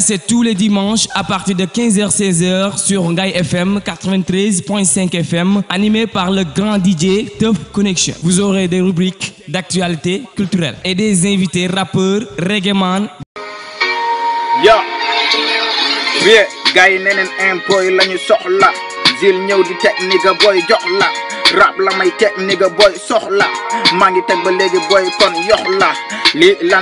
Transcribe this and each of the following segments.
c'est tous les dimanches à partir de 15h-16h sur Ngaï FM 93.5 FM, animé par le grand DJ Top Connection. Vous aurez des rubriques d'actualité culturelle et des invités rappeurs, reggae man zil di la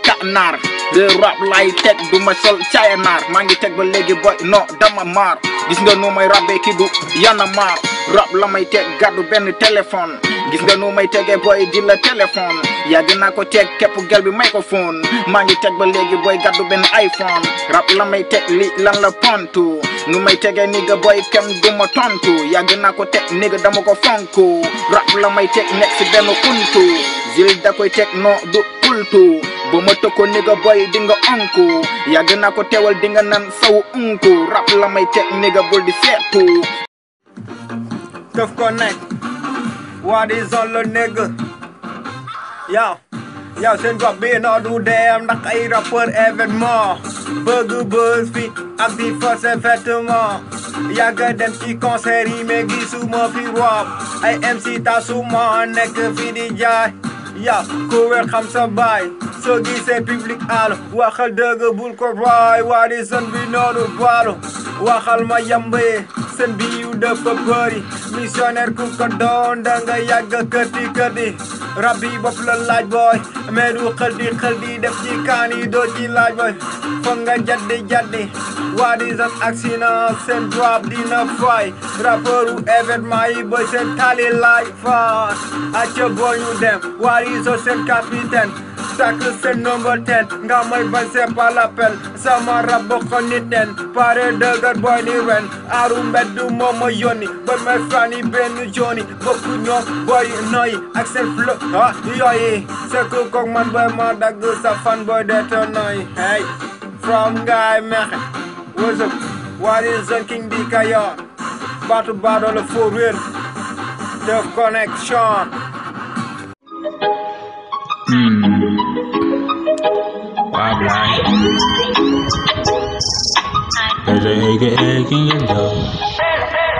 rap la de rap lay teg du ma sol cayanaar maa ngi teg ba léegi boy non dama maar gis nga nu may rabee ki du yana maar rap la may teg gàddu benn téléphone gis nga nu may tegee boy di la téléphone yàgg naa ko teg képp gel bi ko microphone maa ngi teg ba léegi booy gàddu benn iPhone rap la may teg li lan la pontu nu may tegee nigga boy kenn du ma tontu yàgg naa ko teg nigga dama ko fonku rap la may teg nekk si benn kuntu zil da koy teg non du kultu bu ma tëkko ni nga boy di nga yàgg na ko teewal di nga naan sawu unku rap la may teg ni nga bul di seetu Teuf Connect waa di zone la négg yow yow seen gox bi noo du deem ndax ay rappeur événement bëgg bës fi ak di forcé vêtement yàgg dem ci concert yi mais gisuma fi rob ay MC tasuma nekk fi di jaay yow ku wér xam sa baay soo gisee public àll waxal dëgg bul ko raay waa bi noonu baalu waxal ma yambee sën bi yu dafa bëri missionnaire ku ko doon da nga yàgg këti rabbi bopp la laaj booy mais du xël di xël di def laaj booy foog jaddi jaddi waa di sën accident seen drop dina fay rappeuru événement yi ba seen tali laaj faas acca boo ñu dem waa di seen capitaine Sacre c'est ten, Nga may bañ c'est pas l'appel sama rab ko niten pare dëgër boy ni ren aru mbedd yoni, boy my ba may fani benn boy noy ak seen flo ah yooyi c'est man boy ma sa fan boy deete noy hey from ngaay mexe wësëb waari zone king di kayoor baatu baadoola fo réer connexion Mm. Bye bye. There's an egg, an egg in your jar.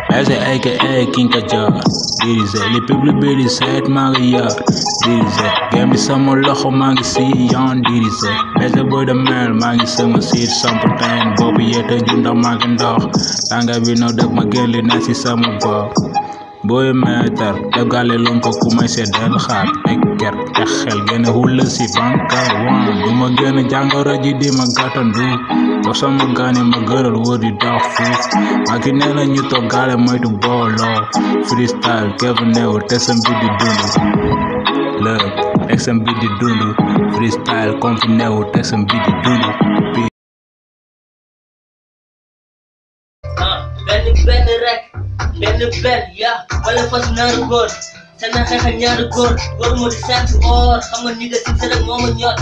There's an egg, an egg in your jar. This is a little bit of sad Maria. This is a game is some loho magi see yon. This is a better boy the man magi some see some pretend Bobby yet a junda magin dog. Langa we know that my girl is nasty summer bug. Boy matter, the galley long ko kumai se den hat ker te xel gene hulle si banka wan du ma gene jàngoro ji di ma gàttandu ba sama gaane ma gëral wër di dox fuuf ak nee na ñu toggaale moytu booloo freestyle képp neewul te sa mbir di dund lëb teg sa mbir di dund freestyle comme fi te sa mbir di dund benn benn rek benn benn ya wala fas naaru góor te na xeexal ñaari góor góor moo di sant or xam nga ni nga si tëral moo wax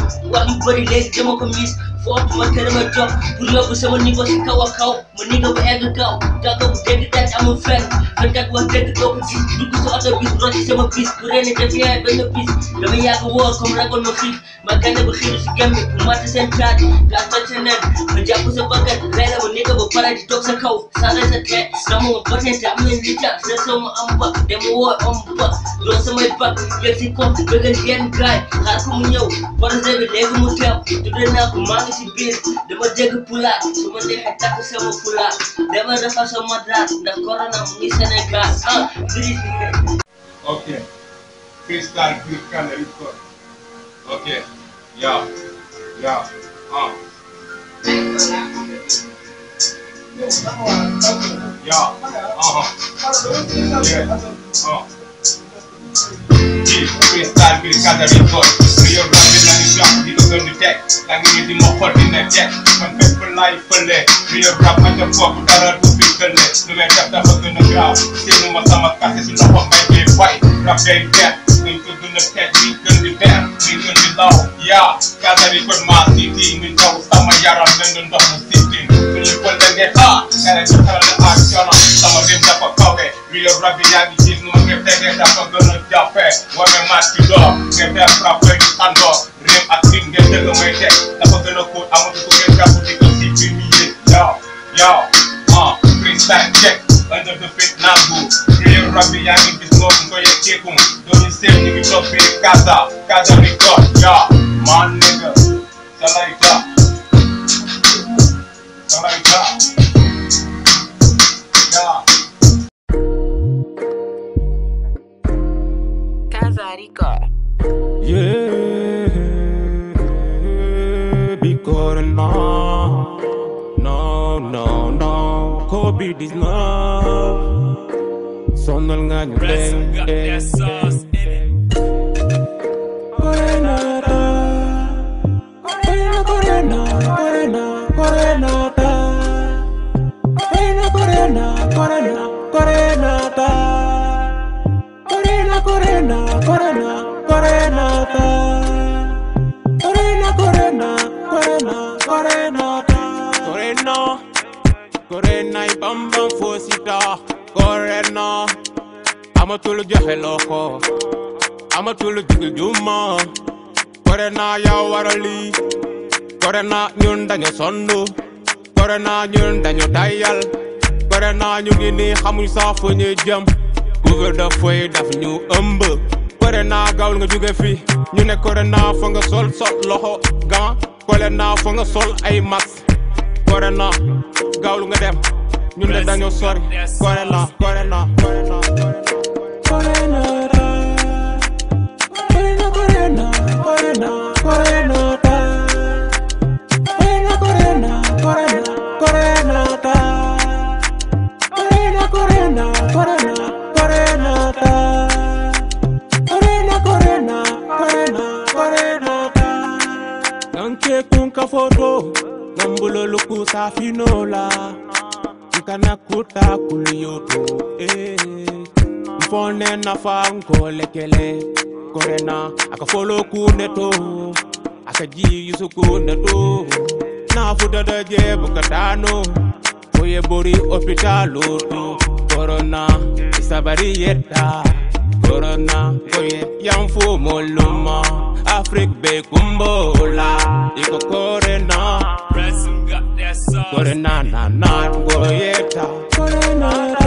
yu bëri léegi jëma ko miis foofu ma kër ma jox pour yóbbu sama niveau si kaw a kaw ma niveau bu egg kaw jàkka bu dégg daal amul fenn man kat wax dégg topp si dugg si oto bis rocci sama bis bu ren def yaay benn bis dama yàgg wóor comme ragoon ma xiif ma gànne bu xiiru si gemmi bu mat seen taat gaa toj sa nen ma jàpp sa bakkat rey la ma niveau ba pare di toog sa kaw sare sa tee sama ma botente am na nita sa sama am ba dama woo am ba doon samay bak yëg si compte bëggal yenn gaay xaar ko mu ñëw projet bi léegi mu teew tuddee naa ko maa ngi si bitch Dama jaga pula semua dia hatta sama pula Dama dafa sama drat Da corona muni Senegal Ah, beri Oke Kristal Birkan dari Oke Ya Ya Ah Ya Ah Yeah Ah Kristal Birkan dari Tor Rio life, അങ്ങേതി മൊപ്പട്ടിനെ പെണ്ണായിപ്പല്ലേ പ്രിയപ്പെട്ട പോക്കുട്ടാറുപ്പിക്കല്ലേ നിവേശത്തപ്പത്തിന് സിനിമ സമക്കാശിനൊപ്പമേ വൈ റബ്ബേക്കാൻ നിൽക്കുന്ന തെറ്റിക്കണ്ടി നിൽക്കുന്നില്ല യാ കഥരിക്കൊരു മാറ്റി നിന്റെ ഉത്തമയാറാം നിന്നുണ്ടോ get hot And I took her to action Some of them drop a cover Real rugby yagi cheese No one get that That's a good enough job Women match to dog Get that proper and dog blame I seen them nigga make that. That's what gonna put. I want to go get rap with nigga keep me in. Yo, yo, uh, green side check. Under the fit nabu. Real rabbi, I need this love and go your kick on. Don't you say nigga drop in casa. Casa me cut. Yo, my nigga. Somebody drop. Somebody drop. Yeah. beat this love. Son del engaño. Corenata, Corena, Corena, Corena, Corenata, Corena, Corena, Corena, Corenata, Corena, Corena, Corena, Corenata. kore nay bambam fo sita kore no amatul joxe loko tulu jigil juma kore na ya warali kore na ñun dañu sonnu kore na ñun dañu dayal kore na ñu ngi ni xamuñ sax jam, ñuy jëm google da foy daf ñu ëmb kore na gaul nga jóge fi ñu ne kore na fa nga sol sol loxo gan, kore na fa nga sol ay max kore na gaawlu nga dem ñun de dañoo sori. Corona Corona Corona Corona kulukusa finola nkanakuta kuliyoko eh. mfone nafa nkolekele korena akafoloku neto akaji yusuku neto nafudadaje bukatano oye bori korona isabari yetta corona ya mfumo moluma. Africa kumbola, iko corona corona na na ngoyeta corona